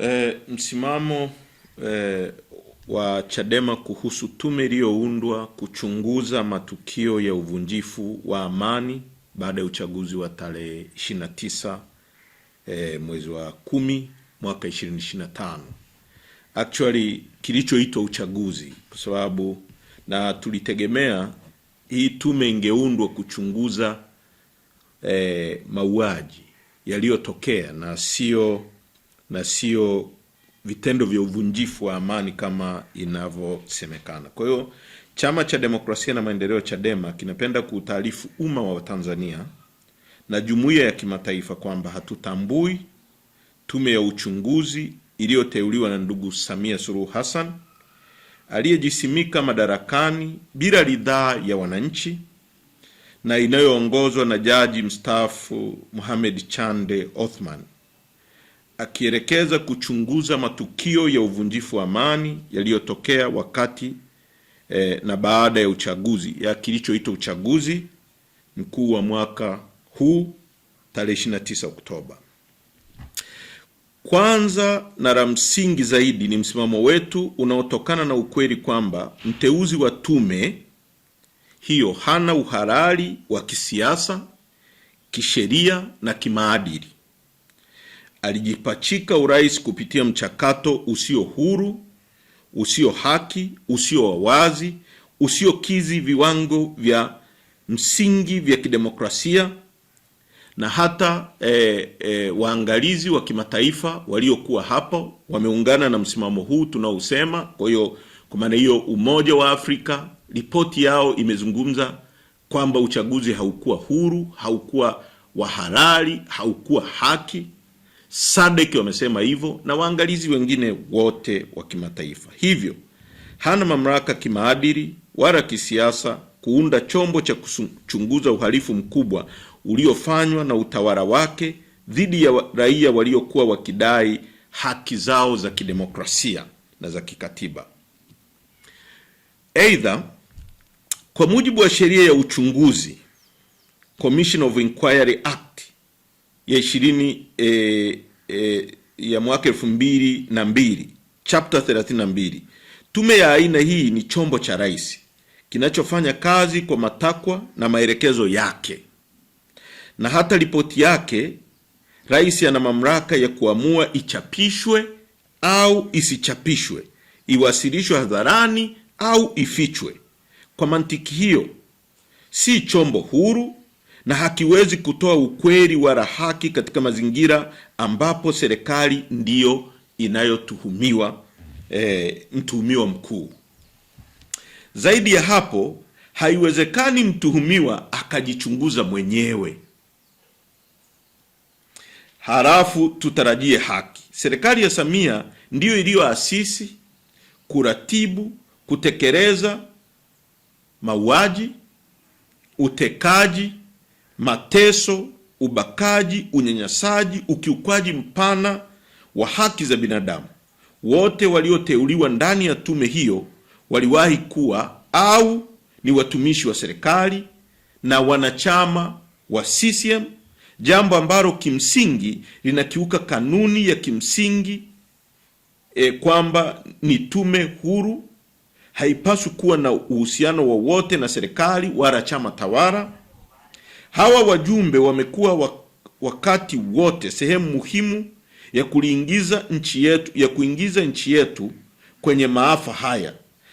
E, msimamo e, wa Chadema kuhusu tume iliyoundwa kuchunguza matukio ya uvunjifu wa amani baada ya uchaguzi wa tarehe 29 e, eh, mwezi wa kumi mwaka 2025. Actually kilichoitwa uchaguzi kwa sababu na tulitegemea hii tume ingeundwa kuchunguza e, mauaji yaliyotokea na sio na sio vitendo vya uvunjifu wa amani kama inavyosemekana. Kwa hiyo Chama cha Demokrasia na Maendeleo, Chadema, kinapenda kuutaarifu umma wa Tanzania na jumuiya ya kimataifa kwamba hatutambui tume ya uchunguzi iliyoteuliwa na ndugu Samia Suluhu Hassan aliyejisimika madarakani bila ridhaa ya wananchi na inayoongozwa na jaji mstaafu Mohamed Chande Othman akielekeza kuchunguza matukio ya uvunjifu wa amani yaliyotokea wakati e, na baada ya uchaguzi ya kilichoitwa uchaguzi mkuu wa mwaka huu tarehe 29 Oktoba. Kwanza na la msingi zaidi ni msimamo wetu unaotokana na ukweli kwamba mteuzi wa tume hiyo hana uhalali wa kisiasa, kisheria na kimaadili alijipachika urais kupitia mchakato usio huru, usio haki, usio wa wazi, viwango vya msingi vya kidemokrasia na hata e, e, waangalizi wa kimataifa waliokuwa hapo wameungana na msimamo huu tunaousema. Kwa hiyo kwa maana hiyo, Umoja wa Afrika ripoti yao imezungumza kwamba uchaguzi haukuwa huru, haukuwa wa halali, haukuwa haki SADC wamesema hivyo na waangalizi wengine wote wa kimataifa. Hivyo hana mamlaka kimaadili wala kisiasa kuunda chombo cha kuchunguza uhalifu mkubwa uliofanywa na utawala wake dhidi ya raia waliokuwa wakidai haki zao za kidemokrasia na za kikatiba. Aidha, kwa mujibu wa sheria ya uchunguzi Commission of Inquiry Act ya 20 eh, e, ya mwaka elfu mbili na mbili na mbili. Tume ya aina hii ni chombo cha rais kinachofanya kazi kwa matakwa na maelekezo yake, na hata ripoti yake rais ana mamlaka ya kuamua ichapishwe au isichapishwe, iwasilishwe hadharani au ifichwe. Kwa mantiki hiyo, si chombo huru na hakiwezi kutoa ukweli wala haki katika mazingira ambapo serikali ndiyo inayotuhumiwa e, mtuhumiwa mkuu. Zaidi ya hapo, haiwezekani mtuhumiwa akajichunguza mwenyewe halafu tutarajie haki. Serikali ya Samia ndiyo iliyoasisi, kuratibu, kutekeleza mauaji, utekaji, mateso ubakaji, unyanyasaji, ukiukwaji mpana wa haki za binadamu. Wote walioteuliwa ndani ya tume hiyo waliwahi kuwa au ni watumishi wa serikali na wanachama wa CCM, jambo ambalo kimsingi linakiuka kanuni ya kimsingi e, kwamba ni tume huru, haipaswi kuwa na uhusiano wowote na serikali wala chama tawala. Hawa wajumbe wamekuwa wakati wote sehemu muhimu ya kuingiza nchi yetu ya kuingiza nchi yetu kwenye maafa haya,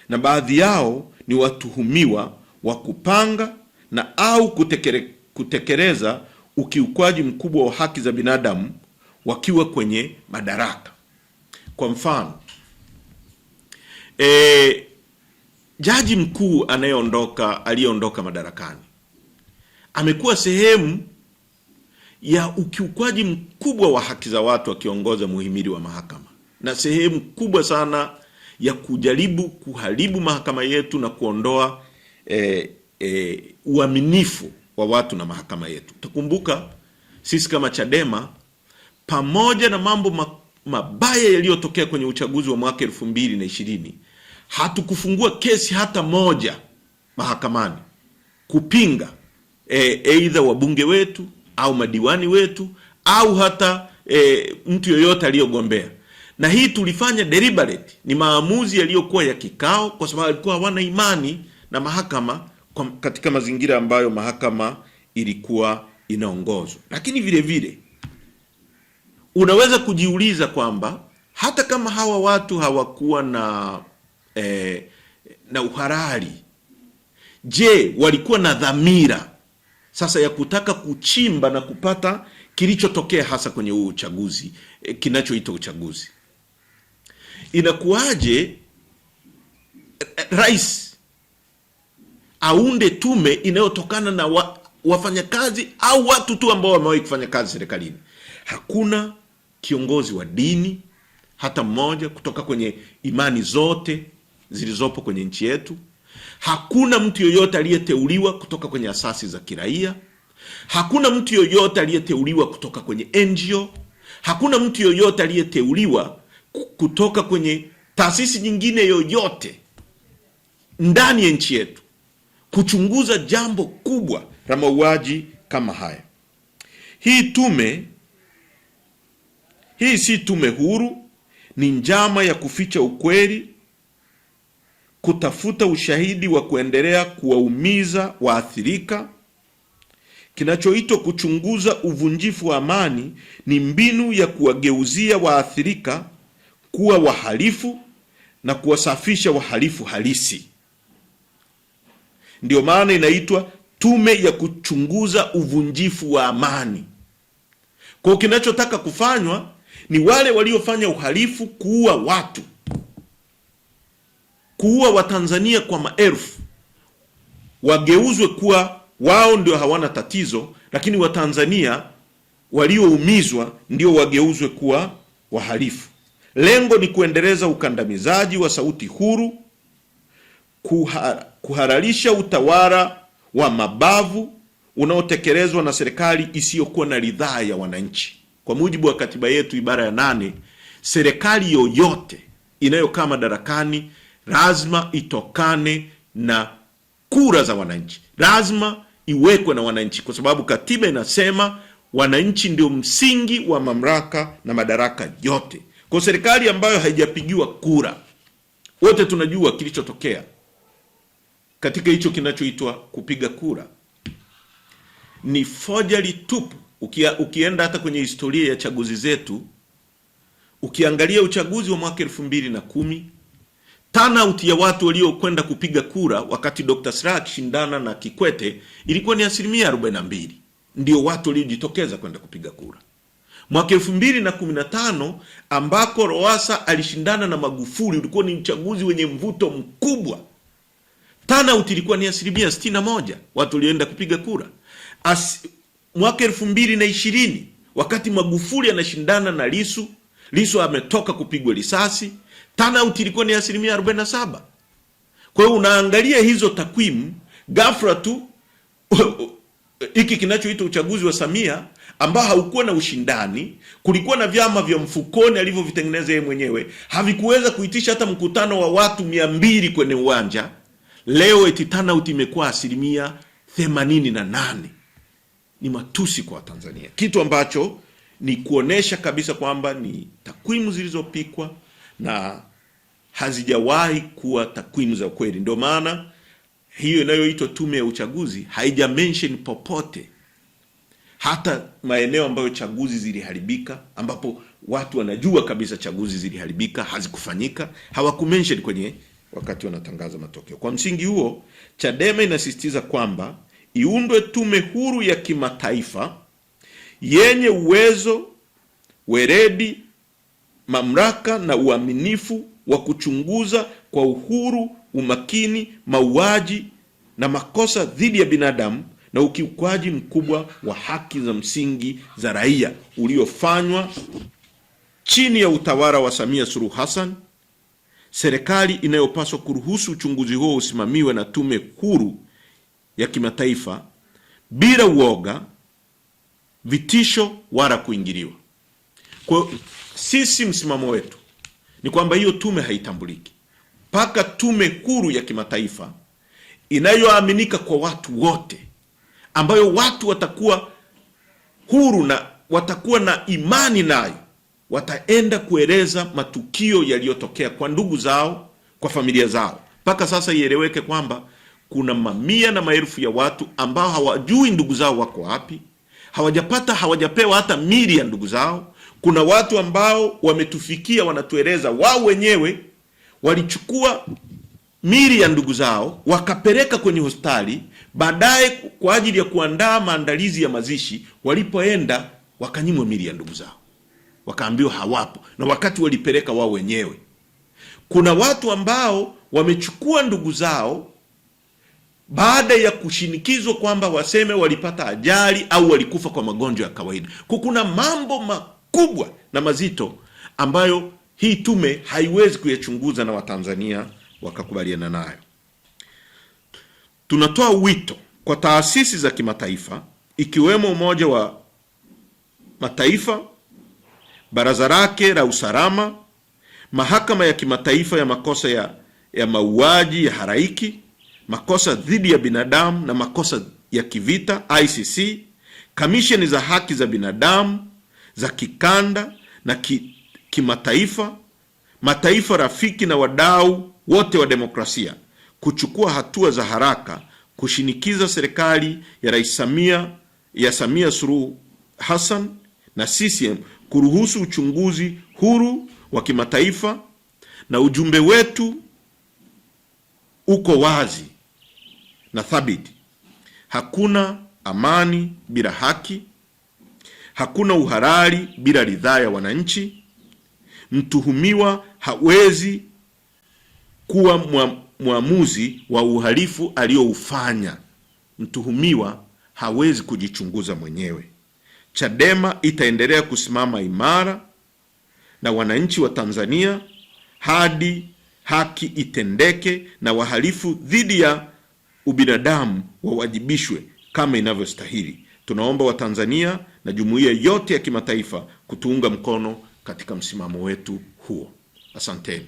na baadhi yao ni watuhumiwa wa kupanga na au kutekere, kutekeleza ukiukwaji mkubwa wa haki za binadamu wakiwa kwenye madaraka. Kwa mfano e, jaji mkuu anayeondoka aliyeondoka madarakani amekuwa sehemu ya ukiukwaji mkubwa wa haki za watu akiongoza muhimili wa mahakama na sehemu kubwa sana ya kujaribu kuharibu mahakama yetu na kuondoa eh, eh, uaminifu wa watu na mahakama yetu. Takumbuka sisi kama Chadema pamoja na mambo mabaya yaliyotokea kwenye uchaguzi wa mwaka elfu mbili na ishirini hatukufungua kesi hata moja mahakamani kupinga e, e, wabunge wetu au madiwani wetu au hata e, mtu yoyote aliyogombea. Na hii tulifanya deliberate, ni maamuzi yaliyokuwa ya kikao, kwa sababu alikuwa hawana imani na mahakama kwa, katika mazingira ambayo mahakama ilikuwa inaongozwa. Lakini vile vile unaweza kujiuliza kwamba hata kama hawa watu hawakuwa na e, na uharari je, walikuwa na dhamira sasa ya kutaka kuchimba na kupata kilichotokea hasa kwenye huu uchaguzi e, kinachoitwa uchaguzi. Inakuwaje e, rais aunde tume inayotokana na wa, wafanyakazi au watu tu ambao wamewahi kufanya kazi serikalini? Hakuna kiongozi wa dini hata mmoja kutoka kwenye imani zote zilizopo kwenye nchi yetu. Hakuna mtu yoyote aliyeteuliwa kutoka kwenye asasi za kiraia, hakuna mtu yoyote aliyeteuliwa kutoka kwenye NGO, hakuna mtu yoyote aliyeteuliwa kutoka kwenye taasisi nyingine yoyote ndani ya nchi yetu kuchunguza jambo kubwa la mauaji kama haya. Hii tume hii si tume huru, ni njama ya kuficha ukweli kutafuta ushahidi wa kuendelea kuwaumiza waathirika. Kinachoitwa kuchunguza uvunjifu wa amani ni mbinu ya kuwageuzia waathirika kuwa wahalifu na kuwasafisha wahalifu halisi. Ndiyo maana inaitwa tume ya kuchunguza uvunjifu wa amani. Kwa kinachotaka kufanywa ni wale waliofanya uhalifu kuua watu kuua Watanzania kwa maelfu wageuzwe kuwa wao ndio hawana tatizo, lakini Watanzania walioumizwa ndio wageuzwe kuwa wahalifu. Lengo ni kuendeleza ukandamizaji wa sauti huru, kuha, kuhalalisha utawala wa mabavu unaotekelezwa na serikali isiyokuwa na ridhaa ya wananchi. Kwa mujibu wa katiba yetu ibara ya nane, serikali yoyote inayokaa madarakani lazima itokane na kura za wananchi, lazima iwekwe na wananchi, kwa sababu katiba inasema wananchi ndio msingi wa mamlaka na madaraka yote. Kwa serikali ambayo haijapigiwa kura, wote tunajua kilichotokea katika hicho kinachoitwa kupiga kura ni fojali tupu. Ukia, ukienda hata kwenye historia ya chaguzi zetu ukiangalia uchaguzi wa mwaka elfu mbili na kumi turnout ya watu waliokwenda kupiga kura wakati Dr. Slaa akishindana na Kikwete ilikuwa ni asilimia 42, ndio watu waliojitokeza kwenda kupiga kura. Mwaka na 2015 ambako Lowassa alishindana na Magufuli ulikuwa ni mchaguzi wenye mvuto mkubwa. Turnout ilikuwa ni asilimia 61, watu walioenda kupiga kura. As, mwaka elfu mbili na ishirini wakati Magufuli anashindana na Lisu, Lisu ametoka kupigwa risasi turnout ilikuwa ni asilimia 47. Kwa hiyo unaangalia hizo takwimu ghafla tu hiki kinachoitwa uchaguzi wa Samia ambao haukuwa na ushindani, kulikuwa na vyama vya mfukoni alivyovitengeneza yeye mwenyewe, havikuweza kuitisha hata mkutano wa watu mia mbili kwenye uwanja. Leo eti turnout imekuwa asilimia themanini na nane. Ni matusi kwa Tanzania, kitu ambacho ni kuonesha kabisa kwamba ni takwimu zilizopikwa na hazijawahi kuwa takwimu za ukweli. Ndio maana hiyo inayoitwa tume ya uchaguzi haija mention popote, hata maeneo ambayo chaguzi ziliharibika, ambapo watu wanajua kabisa chaguzi ziliharibika, hazikufanyika, hawakumention kwenye wakati wanatangaza matokeo. Kwa msingi huo, Chadema inasisitiza kwamba iundwe tume huru ya kimataifa yenye uwezo, weredi mamlaka na uaminifu wa kuchunguza kwa uhuru, umakini, mauaji na makosa dhidi ya binadamu na ukiukwaji mkubwa wa haki za msingi za raia uliofanywa chini ya utawala wa Samia Suluhu Hassan, serikali inayopaswa kuruhusu uchunguzi huo usimamiwe na tume huru ya kimataifa bila uoga, vitisho wala kuingiliwa. Kwa sisi msimamo wetu ni kwamba hiyo tume haitambuliki mpaka tume huru ya kimataifa inayoaminika kwa watu wote, ambayo watu watakuwa huru na watakuwa na imani nayo, wataenda kueleza matukio yaliyotokea kwa ndugu zao, kwa familia zao. Mpaka sasa ieleweke kwamba kuna mamia na maelfu ya watu ambao hawajui ndugu zao wako wapi, hawajapata hawajapewa hata mili ya ndugu zao kuna watu ambao wametufikia wanatueleza wao wenyewe walichukua mili ya ndugu zao wakapeleka kwenye hospitali, baadaye kwa ajili ya kuandaa maandalizi ya mazishi, walipoenda wakanyimwa mili ya ndugu zao, wakaambiwa hawapo, na wakati walipeleka wao wenyewe. Kuna watu ambao wamechukua ndugu zao baada ya kushinikizwa kwamba waseme walipata ajali au walikufa kwa magonjwa ya kawaida. Kuna mambo ma makubwa na mazito ambayo hii tume haiwezi kuyachunguza na Watanzania wakakubaliana nayo. Tunatoa wito kwa taasisi za kimataifa ikiwemo Umoja wa Mataifa, Baraza lake la Usalama, Mahakama ya Kimataifa ya Makosa ya, ya Mauaji ya haraiki Makosa dhidi ya Binadamu na Makosa ya Kivita ICC, kamisheni za haki za binadamu za kikanda na ki, kimataifa, mataifa rafiki na wadau wote wa demokrasia kuchukua hatua za haraka kushinikiza serikali ya Rais Samia ya Samia Suluhu Hassan na CCM kuruhusu uchunguzi huru wa kimataifa, na ujumbe wetu uko wazi na thabiti: hakuna amani bila haki, hakuna uhalali bila ridhaa ya wananchi. Mtuhumiwa hawezi kuwa mwamuzi wa uhalifu aliyoufanya. Mtuhumiwa hawezi kujichunguza mwenyewe. Chadema itaendelea kusimama imara na wananchi wa Tanzania hadi haki itendeke na wahalifu dhidi ya ubinadamu wawajibishwe kama inavyostahili. Tunaomba Watanzania na jumuiya yote ya kimataifa kutuunga mkono katika msimamo wetu huo. Asanteni.